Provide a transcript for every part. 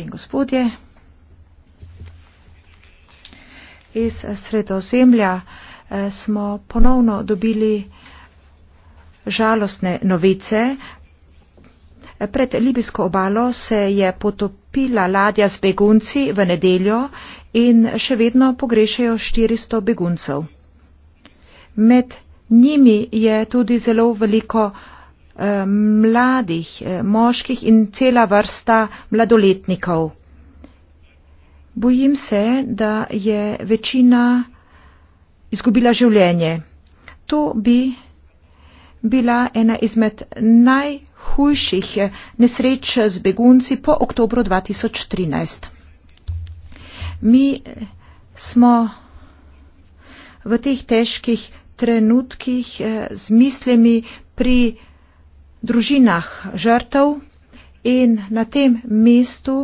in gospodje. Iz sredozemlja eh, smo ponovno dobili žalostne novice. Pred libijsko obalo se je potopila ladja z begunci v nedeljo in še vedno pogrešajo 400 beguncev. Med njimi je tudi zelo veliko Eh, mladih, eh, moških in cela vrsta mladoletnikov. Bojim se, da je večina izgubila življenje. To bi bila ena izmed najhujših nesreč z begunci po oktobru 2013. Mi eh, smo v teh težkih trenutkih z mislimi pri družinah žrtev in na tem mestu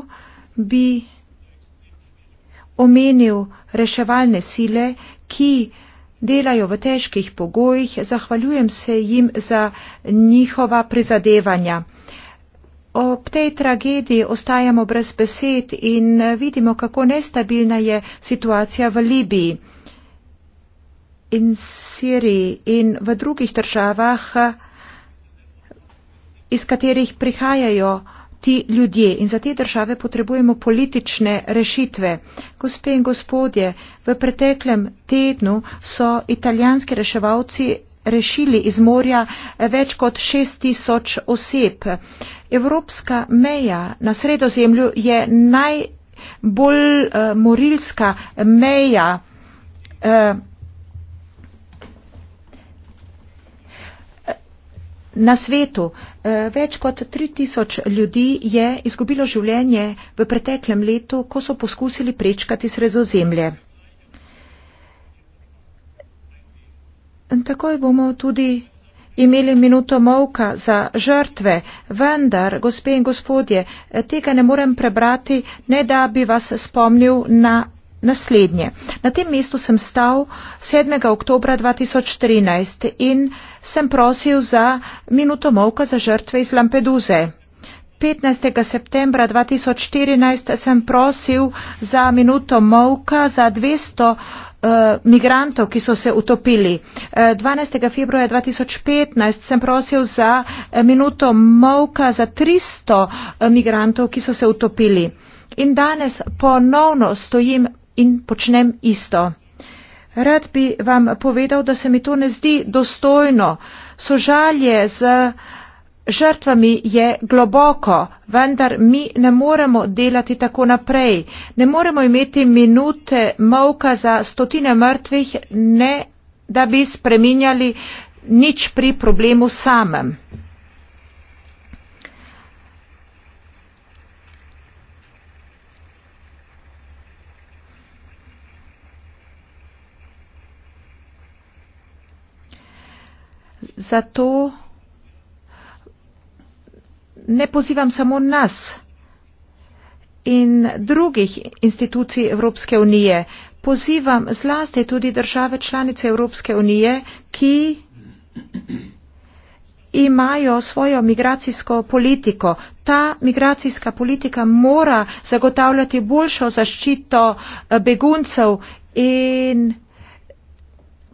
bi omenil reševalne sile, ki delajo v težkih pogojih. Zahvaljujem se jim za njihova prizadevanja. Ob tej tragediji ostajamo brez besed in vidimo, kako nestabilna je situacija v Libiji in Siriji in v drugih državah iz katerih prihajajo ti ljudje in za te države potrebujemo politične rešitve. Gospe in gospodje, v preteklem tednu so italijanski reševalci rešili iz morja več kot 6000 oseb. Evropska meja na sredozemlju je najbolj uh, morilska meja. Uh, Na svetu eh, več kot 3000 ljudi je izgubilo življenje v preteklem letu, ko so poskusili prečkati sredozemlje. Takoj bomo tudi imeli minuto molka za žrtve, vendar, gospe in gospodje, eh, tega ne morem prebrati, ne da bi vas spomnil na Naslednje. Na tem mestu sem stal 7. oktober 2013 in sem prosil za minuto molka za žrtve iz Lampeduze. 15. septembra 2014 sem prosil za minuto molka za 200 uh, eh, migrantov, ki so se utopili. Uh, eh, 12. februarja 2015 sem prosil za eh, minuto molka za 300 uh, migrantov, ki so se utopili. In danes ponovno stojim in počnem isto. Rad bi vam povedal, da se mi to ne zdi dostojno. Sožalje z žrtvami je globoko, vendar mi ne moremo delati tako naprej. Ne moremo imeti minute mavka za stotine mrtvih, ne da bi spreminjali nič pri problemu samem. Zato ne pozivam samo nas in drugih institucij Evropske unije, pozivam zlasti tudi države članice Evropske unije, ki imajo svojo migracijsko politiko. Ta migracijska politika mora zagotavljati boljšo zaščito eh, beguncev in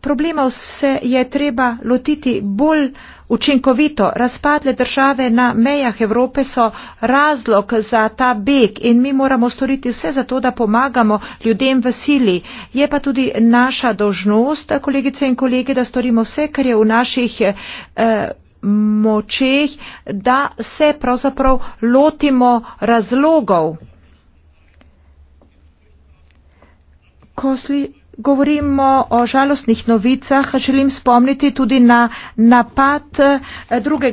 problemov se je treba lotiti bolj učinkovito. Razpadle države na mejah Evrope so razlog za ta beg in mi moramo storiti vse za to, da pomagamo ljudem v sili. Je pa tudi naša dožnost, kolegice in kolege, da storimo vse, kar je v naših. Eh, močeh, da se pravzaprav lotimo razlogov. Ko sli govorimo o žalostnih novicah, želim spomniti tudi na napad 2.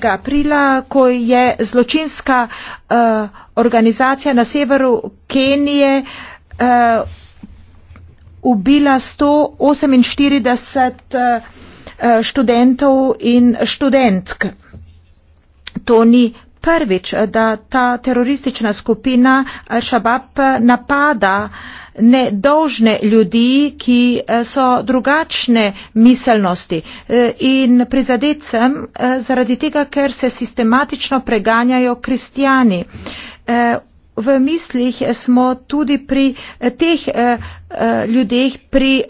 Eh, aprila, ko je zločinska eh, organizacija na severu Kenije eh, ubila 148 študentov in študentk. To ni prvič, da ta teroristična skupina Al-Shabaab napada nedolžne ljudi, ki eh, so drugačne miselnosti. Eh, in prizadet sem eh, zaradi tega, ker se sistematično preganjajo kristijani. V mislih smo tudi pri teh ljudeh, pri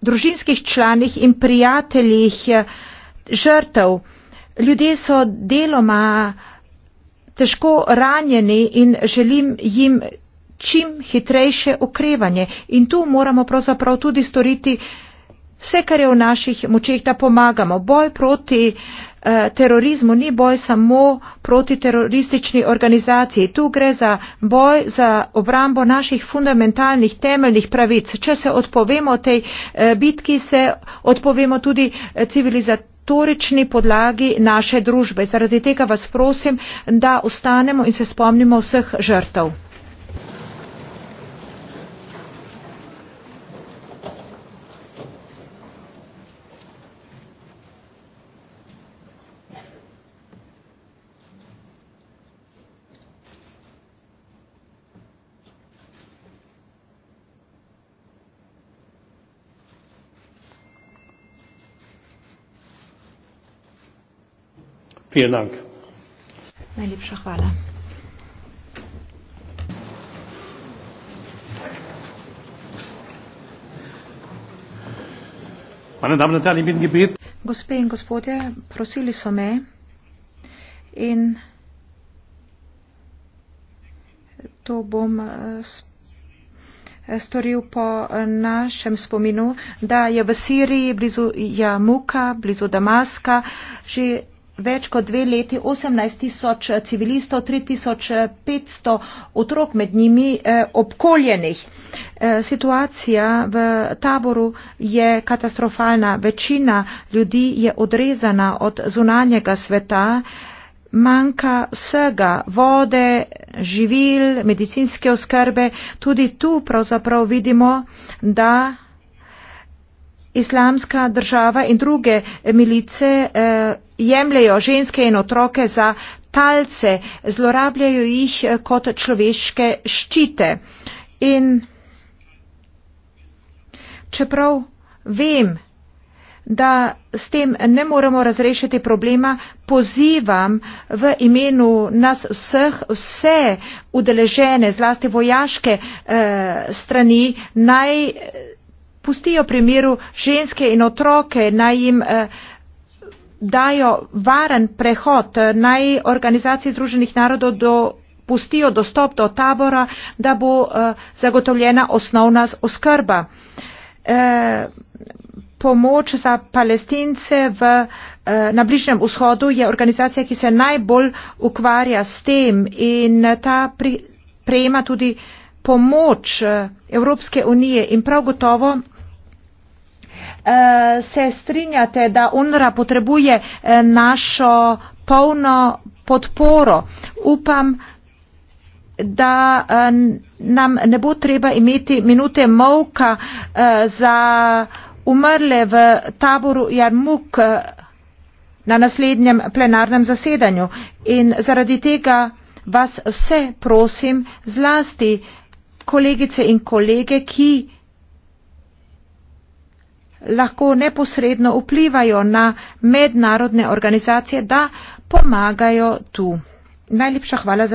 družinskih članih in prijateljih žrtev. Ljudje so deloma težko ranjeni in želim jim čim hitrejše okrevanje in tu moramo pravzaprav tudi storiti vse, kar je v naših močeh, da pomagamo. Boj proti eh, terorizmu ni boj samo proti teroristični organizaciji. Tu gre za boj za obrambo naših fundamentalnih temeljnih pravic. Če se odpovemo tej eh, bitki, se odpovemo tudi eh, civilizatorični podlagi naše družbe. Zaradi tega vas prosim, da ostanemo in se spomnimo vseh žrtev. Vielen Dank. Najlepša hvala. Gospe in gospodje, prosili so me in to bom eh, storil po eh, našem spominu, da je v Siriji blizu Jamuka, blizu Damaska, že več kot dve leti 18 tisoč eh, civilistov, 3500 eh, otrok med njimi eh, obkoljenih. Situacija v taboru je katastrofalna. Večina ljudi je odrezana od zunanjega sveta. Manjka vsega, vode, živil, medicinske oskrbe. Tudi tu pravzaprav vidimo, da islamska država in druge milice eh, jemljajo ženske in otroke za talce, zlorabljajo jih eh, kot človeške ščite. In čeprav vem, da s tem ne moremo razrešiti problema, pozivam v imenu nas vseh vse udeležene, zlasti vojaške eh, strani, naj pustijo pri miru ženske in otroke, naj jim eh, dajo varen prehod, eh, naj organizacije Združenih narodov do, pustijo dostop do tabora, da bo eh, zagotovljena osnovna oskrba. Eh, pomoč za palestince v, eh, na bližnjem vzhodu je organizacija, ki se najbolj ukvarja s tem in eh, ta prejema tudi pomoč Evropske unije in prav gotovo Eh, se strinjate, da UNRWA potrebuje eh, našo polno podporo. Upam, da eh, nam ne bo treba imeti minute molka za umrle v taboru Jarmuk na naslednjem plenarnem zasedanju. In zaradi tega vas vse prosim, zlasti kolegice in kolege, ki lahko neposredno vplivajo na mednarodne organizacije, da pomagajo tu. Najlepša hvala za.